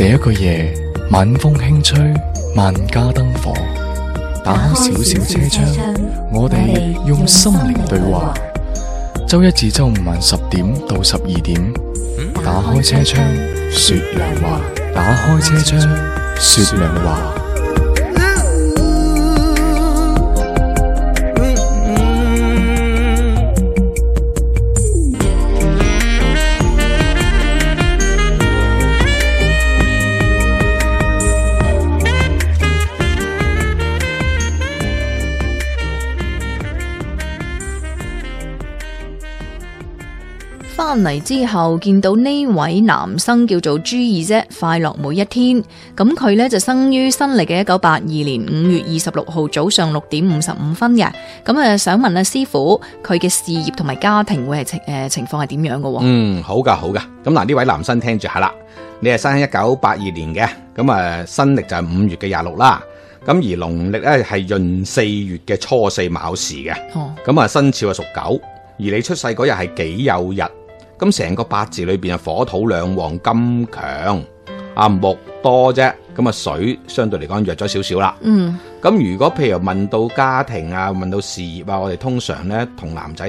這一個夜，晚風輕吹，萬家燈火。打開小小車窗，我哋用心靈對話。周一至周五晚十點到十二點，打開車窗說亮話，打開車窗說亮話。翻嚟之後見到呢位男生叫做朱二姐，快樂每一天。咁佢呢就生於新曆嘅一九八二年五月二十六號早上六點五十五分嘅。咁啊、呃，想問下、啊、師傅，佢嘅事業同埋家庭會係情誒情況係點樣嘅、哦？嗯，好噶，好噶。咁嗱，呢位男生聽住下啦，你係生喺一九八二年嘅，咁啊，新曆就係五月嘅廿六啦。咁而農曆呢係閏四月嘅初四卯時嘅。哦。咁啊，生肖係屬狗，而你出世嗰日係己酉日。咁成個八字裏邊啊，火土兩旺，金強，啊木多啫，咁啊水相對嚟講弱咗少少啦。嗯，咁如果譬如問到家庭啊，問到事業啊，我哋通常咧同男仔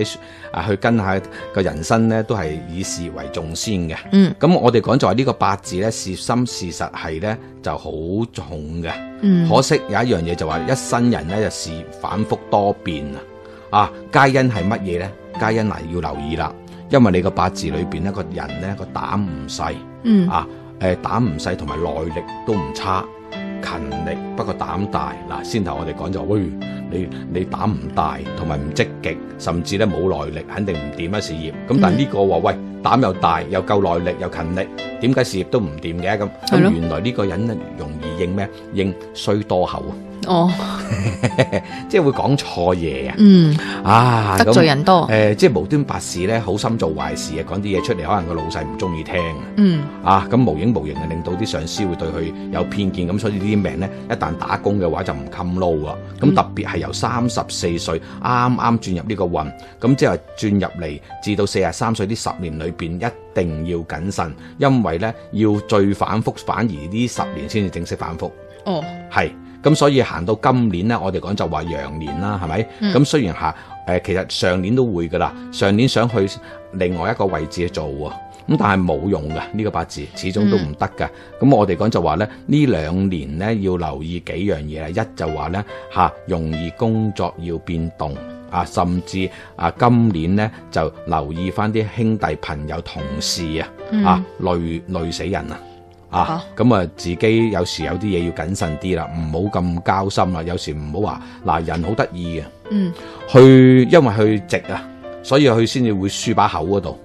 啊去跟下個人生咧，都係以事業為重先嘅。嗯，咁我哋講就話呢個八字咧，事業心事實係咧就好重嘅。嗯，可惜有一樣嘢就話一生人咧，就事業反覆多變啊。啊，皆因係乜嘢咧？皆因嗱，要留意啦。因為你個八字裏邊咧個人咧個膽唔細，嗯、啊，誒、呃、膽唔細同埋耐力都唔差，勤力，不過膽大。嗱，先頭我哋講就喂，你你膽唔大，同埋唔積極，甚至咧冇耐力，肯定唔掂啊事業。咁但係呢個話喂膽又大，又夠耐力，又勤力，點解事業都唔掂嘅咁？咁的原來呢個人咧容易應咩？應衰多口。啊！哦， 即係會講錯嘢啊！嗯，啊得罪人多，誒、呃，即係無端白事咧，好心做壞事啊，講啲嘢出嚟，可能個老細唔中意聽，嗯，啊，咁無影無形啊，令到啲上司會對佢有偏見，咁所以呢啲命咧，一旦打工嘅話就唔襟撈啊！咁特別係由三十四歲啱啱轉入呢個運，咁、嗯、即係轉入嚟至到四十三歲呢十年裏邊，一定要謹慎，因為咧要最反覆，反而呢十年先至正式反覆。哦，係。咁所以行到今年咧，我哋講就話羊年啦，係咪？咁、嗯、雖然下、呃，其實上年都會噶啦，上年想去另外一個位置去做喎，咁但係冇用㗎。呢、呢個八字，始終都唔得㗎。咁、嗯、我哋講就話咧，呢兩年咧要留意幾樣嘢啊，一就話咧嚇容易工作要變動啊，甚至啊今年咧就留意翻啲兄弟朋友同事、嗯、啊，啊累累死人啊！啊，咁啊，自己有時有啲嘢要謹慎啲啦，唔好咁交心啦。有時唔好話，嗱，人好得意嘅，嗯，去因為佢直啊，所以佢先至會輸把口嗰度。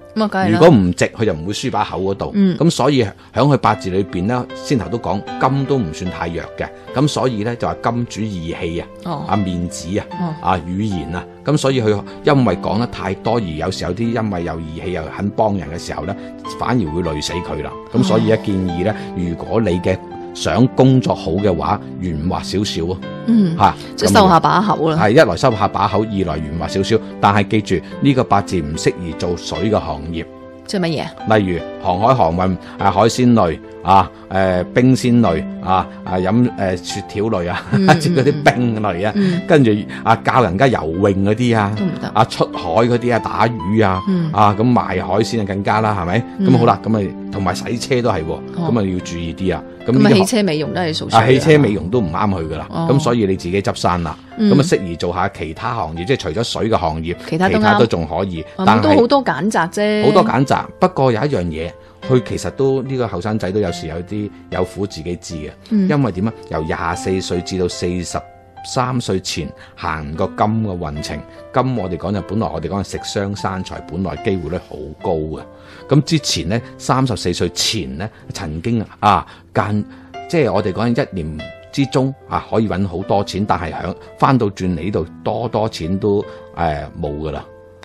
如果唔值，佢就唔會輸把口嗰度。咁、嗯、所以喺佢八字裏邊咧，先頭都講金都唔算太弱嘅。咁所以咧就話、是、金主義氣啊，哦、啊面子啊，哦、啊語言啊。咁所以佢因為講得太多，而有時有啲因為有義氣又肯幫人嘅時候咧，反而會累死佢啦。咁所以咧建議咧，哦、如果你嘅想工作好嘅話，圓滑少少。嗯，吓、啊，即係收下把口啦。係一來收下把口，二來圓滑少少。但係記住呢個八字唔適宜做水嘅行業。即係乜嘢？例如航海、航運、啊海鮮類。啊！誒冰鮮類啊！啊飲誒雪條類啊！接嗰啲冰類啊，跟住啊教人家游泳嗰啲啊，啊出海嗰啲啊打魚啊，啊咁賣海鮮啊更加啦，係咪？咁好啦，咁咪同埋洗車都係喎，咁咪要注意啲啊。咁啊，汽車美容都係數。啊，汽車美容都唔啱去噶啦。咁所以你自己執生啦，咁啊適宜做下其他行業，即係除咗水嘅行業，其他都仲可以。但都好多揀擇啫。好多揀擇，不過有一樣嘢。佢其實都呢、這個後生仔都有時有啲有苦自己知嘅。嗯、因為點啊？由廿四歲至到四十三歲前行個金嘅運程，金我哋講就，本來我哋講係食傷生財，本來機會率好高嘅。咁之前咧，三十四歲前咧，曾經啊間，即係我哋講一年之中啊可以揾好多錢，但係響翻到轉嚟呢度多多錢都誒冇噶啦。呃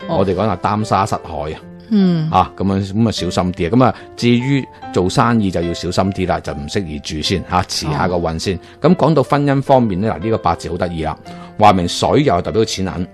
的哦、我哋講係擔沙失海啊！嗯，啊咁樣咁啊小心啲啊，咁啊至於做生意就要小心啲啦，就唔適宜住先吓，遲、啊、下個運先。咁講、哦、到婚姻方面咧，嗱、這、呢個八字好得意啦，話明水又係代表錢銀，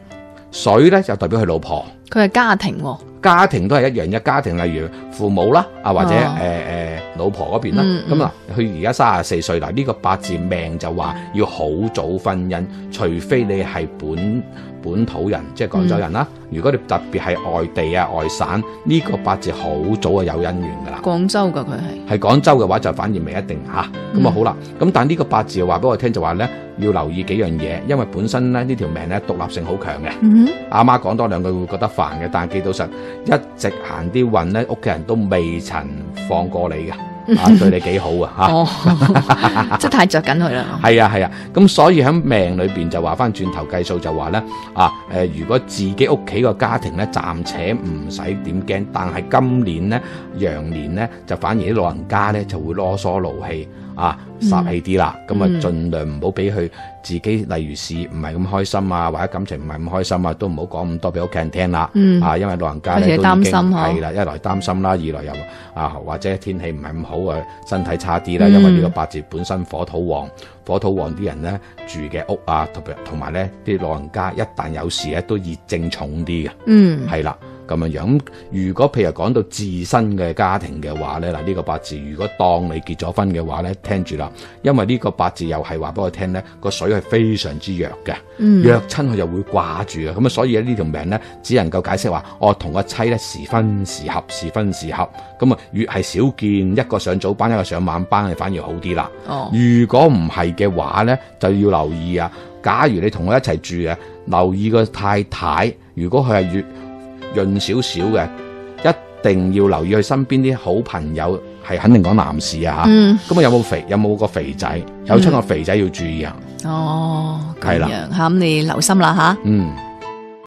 水咧就代表佢老婆，佢係家庭，哦家庭，家庭都係一樣嘅家庭，例如父母啦，啊或者誒、哦欸欸、老婆嗰邊啦。咁嗱、嗯嗯，佢而家三十四歲啦，呢、這個八字命就話要好早婚姻，除非你係本。本土人即係廣州人啦，嗯、如果你特別係外地啊外省呢、這個八字好早啊有姻緣噶啦，廣州噶佢係，係廣州嘅話就反而未一定吓，咁啊、嗯、咁好啦，咁但呢個八字話俾我聽就話咧，要留意幾樣嘢，因為本身咧呢條命咧獨立性好強嘅，嗯哼、阿媽講多兩句會覺得煩嘅，但係基本上一直行啲運咧，屋企人都未曾放過你嘅。啊，對你幾好啊！嚇、哦，即係 太着緊佢啦。係啊，係啊，咁所以喺命裏面就話翻轉頭計數，就話咧啊、呃，如果自己屋企個家庭咧暫且唔使點驚，但係今年咧羊年咧就反而啲老人家咧就會囉嗦勞氣。啊，煞氣啲啦，咁啊、嗯，盡量唔好俾佢自己，例如事唔係咁開心啊，或者感情唔係咁開心啊，都唔好講咁多俾屋企人聽啦。嗯、啊，因為老人家咧都已經係啦，啊、一來擔心啦，二來又啊或者天氣唔係咁好啊，身體差啲啦。嗯、因為呢個八字本身火土旺，火土旺啲人咧住嘅屋啊，同埋咧啲老人家一旦有事咧都熱症重啲嘅。嗯，係啦。咁樣如果譬如講到自身嘅家庭嘅話咧，嗱、這、呢個八字，如果當你結咗婚嘅話咧，聽住啦，因為呢個八字又係話俾我聽咧，個水係非常之弱嘅，嗯、弱親佢就會掛住嘅，咁啊，所以條呢條命咧，只能夠解釋話，我同阿妻咧時分時合，時分時合，咁啊越係少見一個上早班，一個上晚班，係反而好啲啦。哦，如果唔係嘅話咧，就要留意啊，假如你同佢一齊住嘅，留意個太太，如果佢係越。潤少少嘅，一定要留意佢身邊啲好朋友，係肯定講男士、嗯、啊嚇，咁啊有冇肥，有冇個肥仔，嗯、有出個肥仔要注意啊。哦，係啦，咁了你留心啦嚇。啊、嗯。